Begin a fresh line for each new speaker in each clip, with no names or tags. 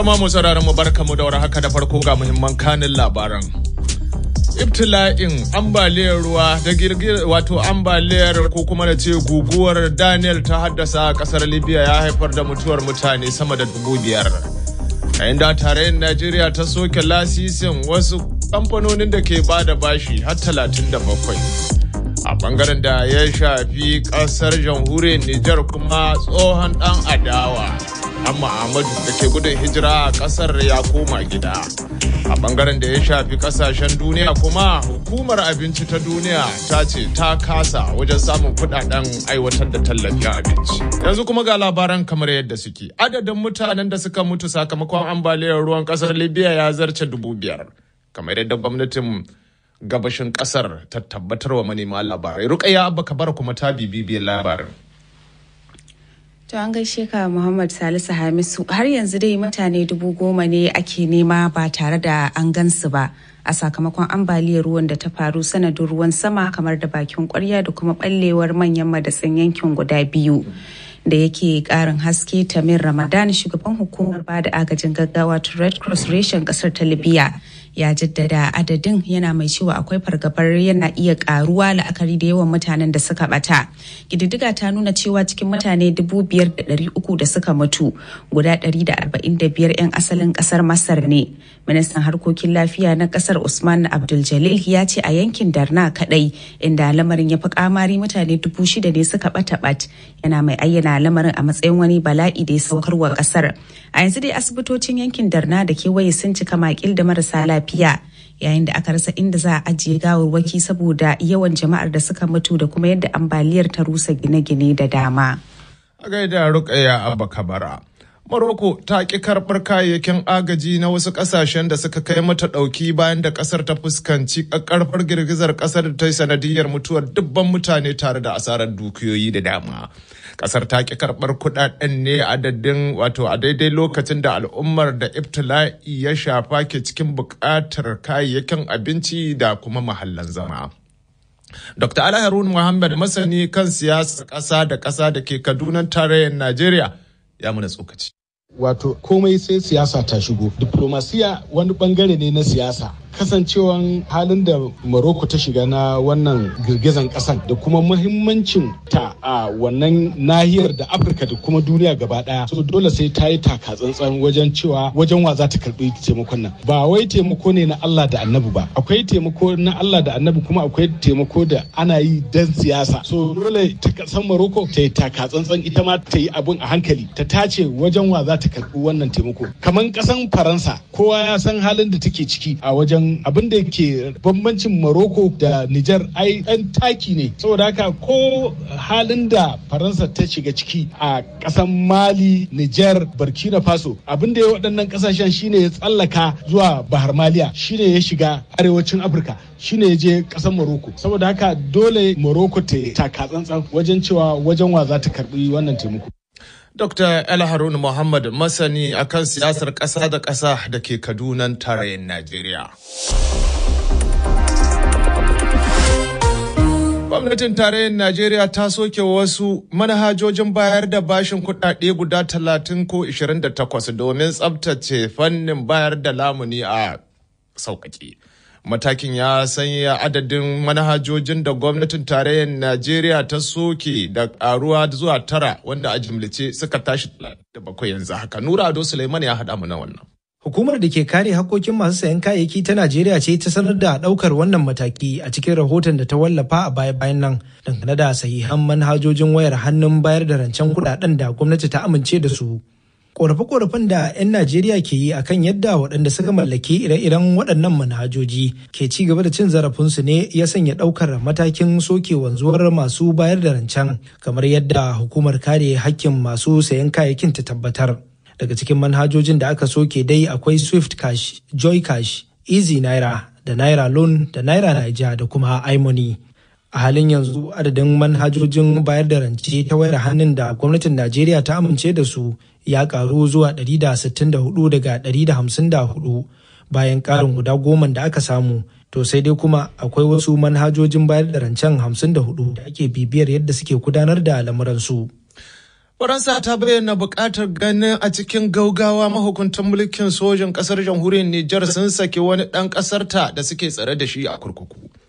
Jama'a mu sauraron mu barka mu da haka da farko ga muhimman kanin labaran. Ibtila'in ambaliyar ruwa da girgir wato ambaliyar ko kuma da ce guguwar Daniel ta haddasa kasar Libya ya haifar da mutuwar mutane sama da dubu biyar. Yayin da tarayyar Najeriya ta soke lasisin wasu kamfanonin da ke ba da bashi har talatin da bakwai. a bangaren da ya shafi kasar jamhuriyar Nijar kuma tsohon dan adawa dan Muhammadu da ke gudun hijira a kasar ya koma gida. A bangaren da ya shafi kasashen duniya kuma hukumar abinci ta duniya ta ce ta kasa wajen samun kudaden aiwatar da tallafin abinci. Yanzu kuma ga labaran kamar yadda suke. Adadin mutanen da suka mutu sakamakon ambaliyar ruwan kasar Libya ya zarce dubu biyar. Kamar yadda gwamnatin gabashin kasar ta tabbatar wa manema labarai. Rukaiya Abba Kabar kuma ta bibi labarin.
To an gaishe ka Muhammad Salisu Hamisu har yanzu dai mutane dubu goma ne ake nema ba tare da an gansu ba a sakamakon ambaliyar ruwan da ta faru sanadin ruwan sama kamar da bakin kwarya da kuma ballewar manyan madatsin yankin guda biyu. da yake karin haske tamir ramadan shugaban hukumar ba da agajin gaggawa ta red cross reshen kasar ta libya ya jaddada adadin yana mai cewa akwai fargabar yana iya karuwa la'akari da yawan mutanen da suka bata gididdiga ta nuna cewa cikin mutane 5,300 da suka mutu guda 145 'yan asalin ƙasar masar ne ministan harkokin lafiya na ƙasar usman abdul jalil ya ce a yankin darna kadai inda lamarin ya fi kamari mutane 6,000 ne suka bata bat yana mai ayyana lamarin a matsayin wani bala'i da ya saukar wa ƙasar a yanzu dai asibitocin yankin darna da kewaye sun cika makil da marasa lafiya lafiya yayin da aka rasa inda za a ajiye gawarwaki saboda yawan jama'ar da suka mutu da kuma yadda ambaliyar ta rusa gine-gine da dama.
A gaida rukaya Bakabara. maroko ta ƙi karɓar kayayyakin agaji na wasu ƙasashen da suka kai mata ɗauki bayan da ƙasar ta fuskanci ƙarfar girgizar ƙasar da ta yi sanadiyar mutuwar dubban mutane tare da asarar dukiyoyi da dama. Ƙasar ta ƙi karɓar kuɗaɗen ne a daddin wato a daidai lokacin da al'ummar da ibtila'i ya shafa ke cikin buƙatar kayayyakin abinci da kuma mahallan zama. Dr. Ali Harun Muhammad masani kan siyasar ƙasa da ƙasa da ke Kaduna tarayyar Najeriya ya mana tsokaci.
wato komai sai siyasa ta shigo diplomasiya wani bangare ne na siyasa kasancewan halin da maroko ta shiga na wannan girgizan kasan da kuma muhimmancin ta a wannan nahiyar da Afirka da kuma duniya gaba daya so dole sai ta yi taka tsantsan wajen cewa wajen wa za ta karbi taimakon nan ba wai taimako ne na Allah da Annabi ba akwai taimako na Allah da Annabi kuma akwai taimako da ana yi dan siyasa so dole ta kasan Morocco ta yi taka tsantsan ita ma ta yi abun a hankali ta tace wajen wa za ta karbi wannan taimako kaman kasan Faransa kowa ya san halin da take ciki a wajen wajen abin da ke bambancin Morocco da Nijar ai ɗan taki ne saboda haka ko halin da Faransa ta shiga ciki a ƙasan Mali, Nijar, Burkina Faso abin da ya waɗannan ƙasashen shine ya tsallaka zuwa Bahar Maliya shine ya shiga arewacin Afirka shine ya je ƙasar Morocco saboda haka dole Morocco ta taka tsantsan wajen cewa wajen wa za ta karɓi wannan taimako.
Dr. El Harun Muhammad masani akan siyasar ƙasa da ƙasa da ke Kadunan tarayyar Najeriya. Gwamnatin tarayyar Najeriya ta soke wasu manhajojin bayar da bashin kuɗaɗe guda talatin ko 28 domin tsabtace fannin bayar da lamuni a sauƙaƙe. matakin ya sanya adadin manhajojin da gwamnatin tarayyar najeriya ta soke da karuwa zuwa tara wanda a jimlice suka tashi da bakwai yanzu haka nura ado suleiman ya haɗa mu na wannan
Hukumar da ke kare hakkokin masu sayan kayayyaki ta Najeriya ce ta sanar da ɗaukar wannan mataki a cikin rahoton da ta wallafa a baya-bayan nan dangane da sahihan manhajojin wayar hannun bayar da rancen kuɗaɗen da gwamnati ta amince da su. korafe-korafen da 'yan Najeriya ke yi akan yadda waɗanda suka mallaki ire-iren waɗannan manhajoji ke ci gaba da cin zarafinsu ne ya sanya ɗaukar matakin soke wanzuwar masu bayar da rancen kamar yadda hukumar kare hakkin masu sayan kayayyakin ta tabbatar. Daga cikin manhajojin da aka soke dai akwai Swift Cash, Joy Cash, Easy Naira, da Naira Loan, da Naira Naija da kuma Imoni. a halin yanzu adadin manhajojin bayar da rance ta wayar hannun da gwamnatin najeriya ta amince da su ya karu zuwa 164 daga 154 bayan karin guda goman da aka samu to sai dai kuma akwai wasu manhajojin bayar da rancen 54 da ake bibiyar yadda suke gudanar da lamuransu.
Faransa ta bayyana bukatar ganin a cikin gaugawa mahukuntan mulkin sojin kasar jamhuriyar Nijar sun saki wani ɗan ƙasarta da suke tsare da shi a kurkuku.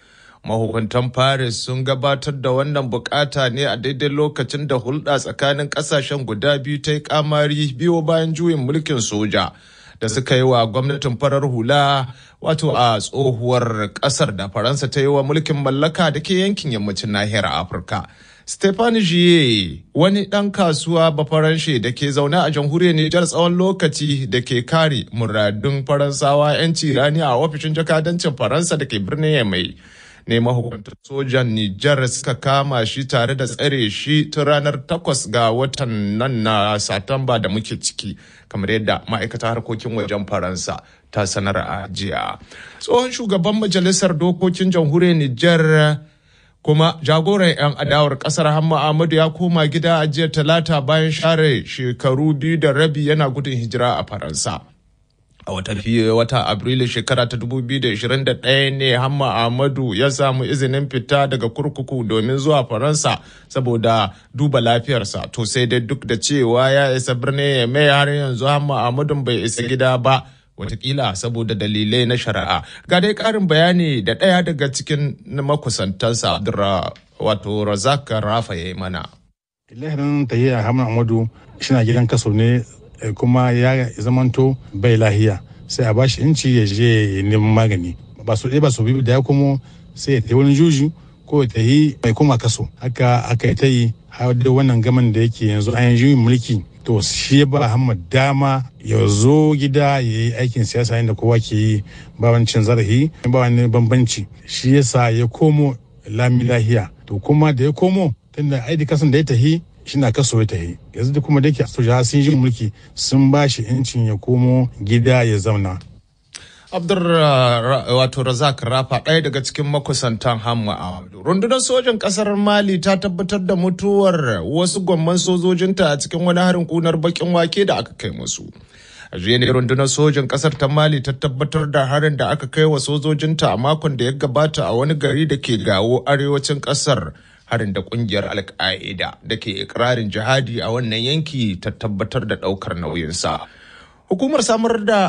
mahukuntan paris sun gabatar da wannan bukata ne a daidai lokacin da hulɗa tsakanin ƙasashen guda biyu ta yi kamari biyu bayan juyin mulkin soja da suka yi wa gwamnatin farar hula wato a tsohuwar ƙasar da faransa ta yi wa mulkin mallaka da ke yankin yammacin nahiyar afirka Stefan jie wani ɗan kasuwa bafaranshe da ke zaune a jamhuriyar Nijar tsawon lokaci da ke kare muradun Faransawa 'yanci rani a ofishin jakadancin Faransa da ke birnin Yamai. ne mahukuntar sojan Nijar suka kama shi tare da tsare shi ta ranar takwas ga watan nan na Satamba da muke ciki kamar yadda ma'aikata harkokin wajen Faransa ta sanar a jiya. Tsohon shugaban majalisar dokokin jamhuriyar Nijar kuma jagoran 'yan adawar kasar hamma ahmadu ya koma gida a jiya talata bayan share shekaru biyu da rabi yana gudun hijira a faransa a watan wata Afrilu shekara ta 2021 ne Hamma Ahmadu ya samu izinin fita daga kurkuku domin zuwa Faransa saboda duba lafiyarsa. To sai dai duk da cewa ya isa birnin ya mai har yanzu Hamma Ahmadu bai isa gida ba. Watakila saboda dalilai na shari'a. Ga dai ƙarin bayani da ɗaya daga cikin makusantansa wato Razak Rafa ya yi mana.
Lahirin tahiya Hamma Ahmadu shi na gidan kaso ne Eh, kuma ya zamanto bai lahiya sai a bashi inci ya je neman magani ba su ba su da ya komo sai ya ta wani juju ko ya tafi mai kuma kaso haka aka yi ta yi har da wannan gaman da yake yanzu an yi mulki to shi ba Ahmad dama ya zo gida ya yi aikin siyasa yadda kowa ke yi ba wani zarafi ba wani bambanci shi yasa ya komo lami lahiya to kuma da ya komo tunda aidi kasan da ya tahi shina kaso ta yi yanzu kuma da ke soja sun yi mulki sun ba shi yancin ya komo gida ya zauna
abdur uh, wato razak rafa ɗaya daga cikin makusantan hamma rundunar sojan ƙasar mali ta tabbatar da mutuwar wasu gwamman sojojinta a cikin wani harin kunar bakin wake da aka kai musu a ne rundunar sojan kasar ta mali ta tabbatar da harin da aka kai wa sojojinta a makon da ya gabata a wani gari da ke gawo arewacin ƙasar. harin da kungiyar alka'ida da ke ikirarin jihadi a wannan yanki ta tabbatar da daukar nauyinsa hukumar samar da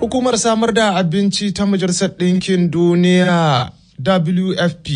hukumar samar da abinci ta majalisar ɗinkin duniya WFP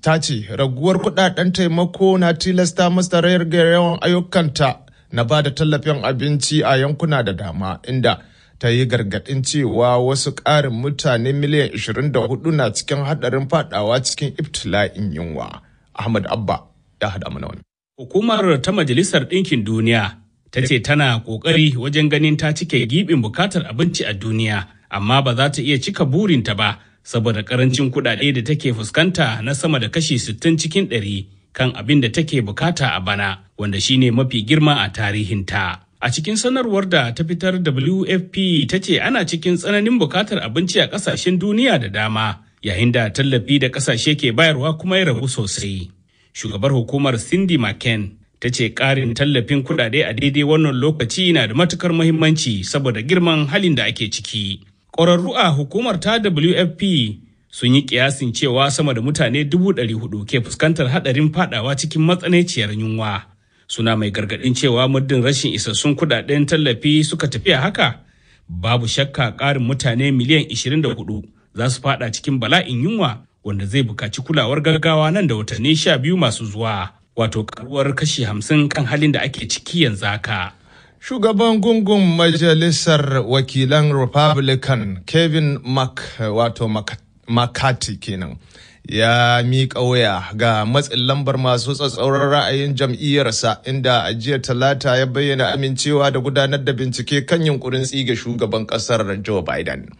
ta ce raguwar kudaden taimako na tilasta masa rayar ga yawan ayyukanta na ba da tallafin abinci a yankuna da dama inda ta yi gargaɗin cewa wasu ƙarin mutane miliyan 24 na cikin
haɗarin faɗawa cikin ibtila'in yunwa. Ahmad Abba ya haɗa mana wani. Hukumar ta Majalisar Ɗinkin Duniya ta ce tana ƙoƙari wajen ganin ta cike giɓin bukatar abinci a duniya, amma ba za ta iya cika burinta ba saboda ƙarancin kuɗaɗe da take fuskanta na sama da kashi sittin cikin ɗari kan abin da take bukata a bana, wanda shine mafi girma a tarihinta. A cikin sanarwar da ta fitar WFP ta ce ana cikin tsananin bukatar abinci a ƙasashen duniya da dama yayin da tallafi da ƙasashe ke bayarwa kuma ya rabu sosai. Shugabar hukumar Cindy McCain ta ce ƙarin tallafin kuɗaɗe a daidai wannan lokaci na da matukar muhimmanci saboda girman halin da ake ciki. Ƙwararru a hukumar ta WFP sun yi kiyasin cewa sama da mutane dubu ɗari hudu ke fuskantar haɗarin faɗawa cikin matsananciyar yunwa suna mai gargadin cewa muddin rashin isassun kudaden tallafi suka tafi a haka babu shakka karin mutane miliyan 24 za su fada cikin bala'in yunwa wanda zai bukaci kulawar gaggawa nan da watanni sha biyu masu zuwa wato karuwar kashi hamsin kan halin da ake ciki yanzu haka. Shugaban gungun majalisar
wakilan Republican Kevin Mac, wato McCarthy kenan ya miƙa waya ga matsin lambar masu tsatsauran ra'ayin jam'iyyarsa inda a jiya talata ya bayyana amincewa da gudanar da bincike kan yunkurin tsige shugaban ƙasar joe biden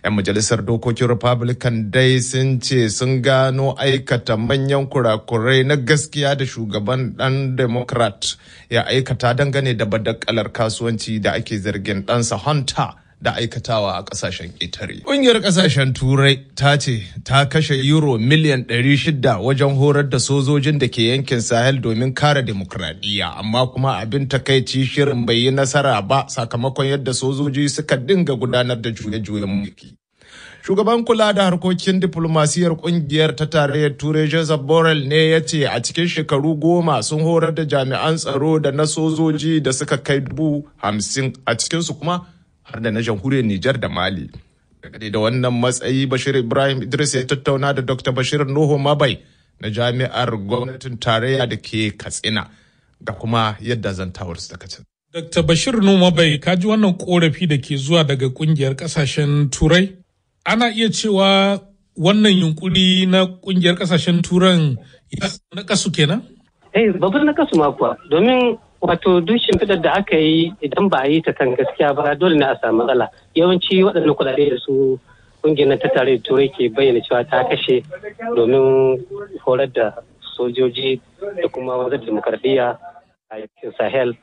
'yan majalisar dokokin republican dai sun ce sun gano aikata manyan kurakurai na gaskiya da shugaban dan democrat ya aikata dangane da badakalar kasuwanci da ake zargin ɗansa hunter da aikatawa a kasashen ƙetare. Ƙungiyar ƙasashen Turai ta ce ta kashe euro miliyan 600 wajen horar da sojojin da ke yankin Sahel domin kare demokradiyya amma kuma abin takaici shirin bai yi nasara ba sakamakon yadda sojoji suka dinga gudanar da juye-juyen mulki. shugaban kula da harkokin diplomasiyar kungiyar ta tarayyar turai joseph borrell ne ya ce a cikin shekaru goma sun horar da jami'an tsaro da na sojoji da suka kai dubu hamsin a cikinsu kuma har da na jamhuriyar Nijar da Mali. Daga da wannan matsayi Bashir Ibrahim Idris ya tattauna da Dr. Bashir Nuhu Mabai na jami'ar gwamnatin tarayya da ke Katsina ga kuma yadda zantawar su daga can.
Dr. Bashir Nuhu Mabai ka ji wannan korafi da ke zuwa daga kungiyar kasashen Turai? Ana iya cewa wannan yunkuri na kungiyar kasashen Turan na kasu kenan? Eh, babban
na kasu kuwa, domin wato duk shimfidar da aka yi idan ba a yi ta kan gaskiya ba dole ne a samu matsala yawanci waɗannan kuɗaɗe da su ƙungiyar ta tare da turai ke bayyana cewa ta kashe domin horar da sojoji da kuma wanzar demokradiyya a yankin sahel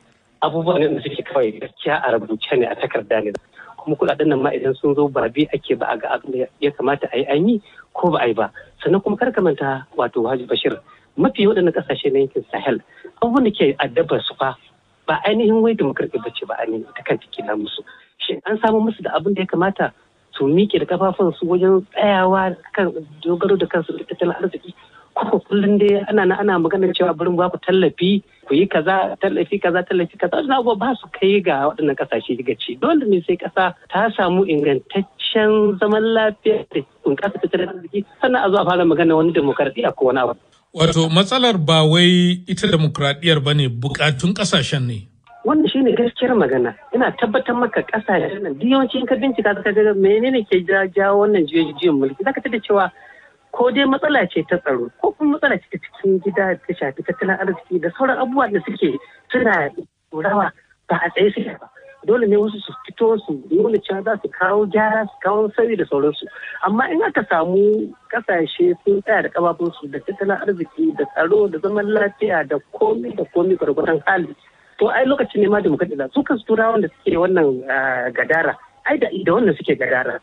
abubuwa ne da suke kawai gaskiya a rubuce ne a takarda ne kuma kuɗaɗen nan ma idan sun zo ba bi ake ba a ga abin da ya kamata a yi an yi ko ba a yi ba sannan kuma kar ka manta wato haji bashir mafi waɗannan ƙasashe na yankin sahel abubuwan da ke addaba su fa ba ainihin wai demokraɗi ba ce ba ainihin ta kanta kila musu shi an samu musu da abin da ya kamata su miƙe da kafafun su wajen tsayawa kan dogaro da kansu da tattalin arziki ko kullum dai ana na ana maganar cewa burin ba ku tallafi ku yi kaza tallafi kaza tallafi kaza wannan abubuwa ba su kai ga waɗannan ƙasashe ga ci dole ne sai ƙasa ta samu ingantaccen zaman lafiya da bunƙasa tattalin arziki sannan a zo a fara magana wani demokaradiyya ko wani abu
Wato matsalar ba wai ita demokradiyyar ba ne bukatun ƙasashen ne.
Wannan shi ne gaskiyar magana. Ina tabbatar maka ƙasashen nan duk yawanci in ka bincika ka ga menene ke jawo wannan juyin mulki. Za ka tada cewa ko dai matsala ce ta tsaro ko kuma matsala ce ta cikin gida ta shafi tattalin arziki da sauran abubuwa da suke suna rawa ba a tsaye suke ba dole ne wasu su fito su nuna cewa za su kawo gyara su kawo sauyi da sauransu amma in aka samu kasashe sun tsaya da kafafunsu da tattalin arziki da tsaro da zaman lafiya da komi da komi gwargwadon hali to ai lokacin ne ma demokradiyya su kansu turawan da suke wannan ah, gadara ai da da wannan suke gadara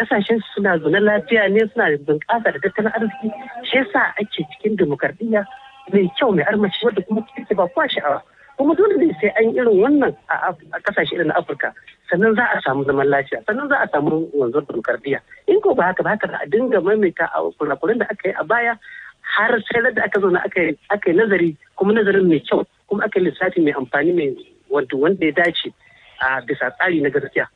kasashen suna zaune lafiya ne suna bunƙasa da tattalin arziki shi yasa ake cikin demokradiyya mai kyau mai armashi wanda kuma ba kwa sha'awa kuma dole ne sai an irin wannan a kasashe irin na afirka sannan za a samu zaman lafiya sannan za a samu wanzuwar dimokuraɗiyya in ko ba haka ba haka a dinga maimaita a kurakuren da aka yi a baya har sai da aka zauna aka yi nazari kuma nazarin mai kyau kuma aka yi lissafi mai amfani mai wanda wanda ya dace a bisa tsari na gaskiya.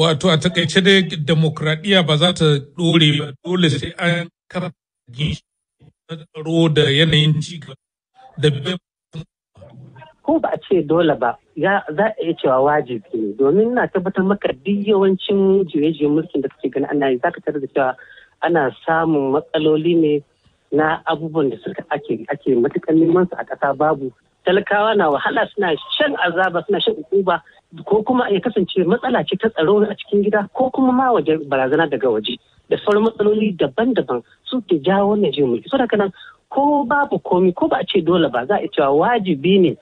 Wato a takaice dai demokradiyya ba za ta dore ba dole sai an kafa tsaro da yanayin ci da
ko ba a ce dole ba ya za a iya cewa wajibi ne domin na tabbatar maka duk yawancin juye-juye mulkin da kake gani ana yi zaka tarar da cewa ana samun matsaloli ne na abubuwan da suka ake ake matukan neman su a ƙasa babu talakawa na wahala suna shan azaba suna shan ukuba ko kuma ya kasance matsala ce ta tsaro a cikin gida ko kuma ma waje barazana daga waje da sauran matsaloli daban-daban su ke jawo na jiyo mulki saboda nan ko babu komi ko ba a ce dole ba za a iya cewa wajibi ne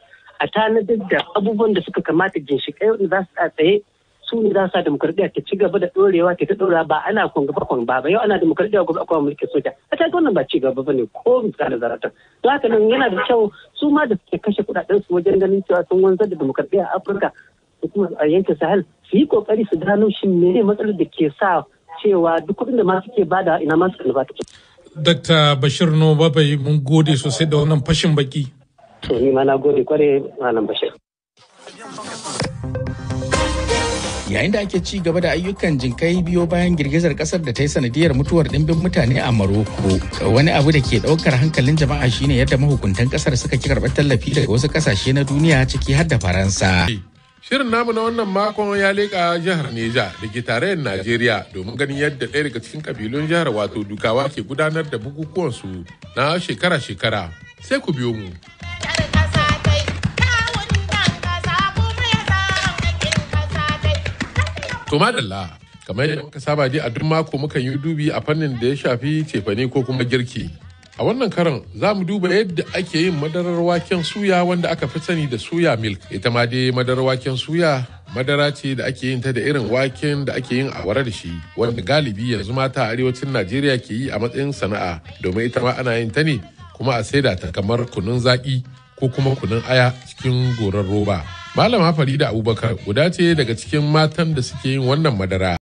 a tanadar da abubuwan da suka kamata ginshiƙai wanda za su tsaye su ne za su sa demokradiyya ta ci gaba da ɗorewa ta ɗora ba ana kwanga ba kwanga ba yau ana demokradiyya gobe akwai mulkin soja a ta wannan ba ci gaba ba ne ko da zarata don haka nan yana da kyau su ma da suke kashe kuɗaɗen su wajen ganin cewa sun wanzar da demokradiyya a afirka da kuma a yankin sahel su yi ƙoƙari su gano shi ne matsalar da ke sa cewa duk kuɗin da ma suke bada ina ma su ce.
Dr. Bashir Noba bai mun gode sosai da wannan fashin baki. To ni
ma na gode kware Malam Bashir.
Yayin da ake ci gaba da ayyukan jinkai biyo bayan girgizar kasar da ta yi sanadiyar mutuwar dimbin mutane a Maroko. Wani abu da ke daukar hankalin jama'a shine yadda mahukuntan kasar suka ki karbar tallafi daga wasu kasashe na duniya ciki har da Faransa.
Shirin namu na wannan makon ya leka jihar Neja da ke tarayyar Najeriya domin ganin yadda ɗaya daga cikin kabilun jihar wato Dukawa ke gudanar da bukukuwansu na shekara-shekara. Sai ku biyo mu. To madalla, kamar yadda muka saba dai a duk mako mukan yi dubi a fannin da ya shafi cefane ko kuma girki. A wannan karan za mu duba yadda ake yin madarar waken suya wanda aka fi sani da suya milk. Ita ma dai madarar waken suya madara ce da ake yin ta da irin waken da ake yin a da shi wanda galibi yanzu mata a arewacin Najeriya ke yi a matsayin sana'a domin ita ma ana yin ta ne kuma a saida ta kamar kunun zaki ko kuma kunun aya cikin gorar roba. Malama Farida Abubakar guda ce daga cikin matan da suke yin wannan madara.